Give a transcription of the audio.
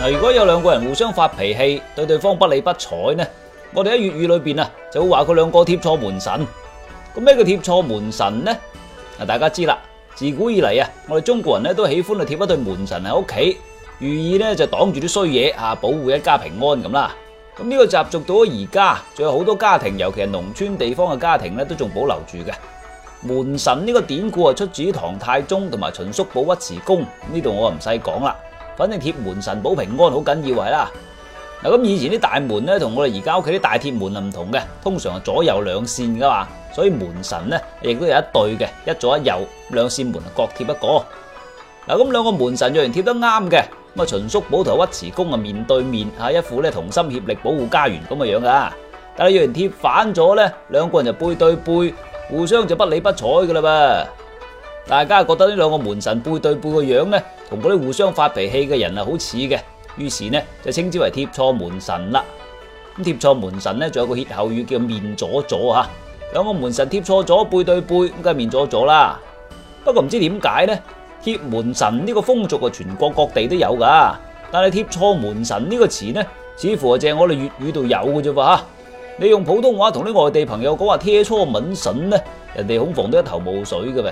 嗱，如果有兩個人互相發脾氣，對對方不理不睬呢，我哋喺粵語裏邊啊，就會話佢兩個貼錯門神。咁咩叫貼錯門神呢？嗱，大家知啦，自古以嚟啊，我哋中國人咧都喜歡啊貼一對門神喺屋企，寓意咧就擋住啲衰嘢啊，保護一家平安咁啦。咁呢個習俗到而家，仲有好多家庭，尤其係農村地方嘅家庭咧，都仲保留住嘅。門神呢個典故啊，出自於唐太宗同埋秦叔寶尉遲恭，呢度我唔使講啦。反正貼門神保平安好緊要係啦，嗱咁以前啲大門咧同我哋而家屋企啲大鐵門啊唔同嘅，通常係左右兩扇噶嘛，所以門神咧亦都有一對嘅，一左一右，兩扇門各貼一個。嗱咁兩個門神有人貼得啱嘅，咁啊秦叔寶同尉遲恭啊面對面吓，一副咧同心協力保護家園咁嘅樣噶，但係有人貼反咗咧，兩個人就背對背，互相就不理不睬噶啦噃。大家係覺得呢兩個門神背對背個樣呢，同嗰啲互相發脾氣嘅人啊，好似嘅，於是呢，就稱之為貼錯門神啦。咁貼錯門神呢，仲有個歇後語叫面左左嚇，兩個門神貼錯左背對背，咁梗係面左左啦。不過唔知點解呢，貼門神呢個風俗啊，全國各地都有噶，但係貼錯門神呢個詞呢，似乎啊淨係我哋粵語度有嘅啫噃。你用普通話同啲外地朋友講話貼錯門神呢，人哋恐防都一頭霧水嘅。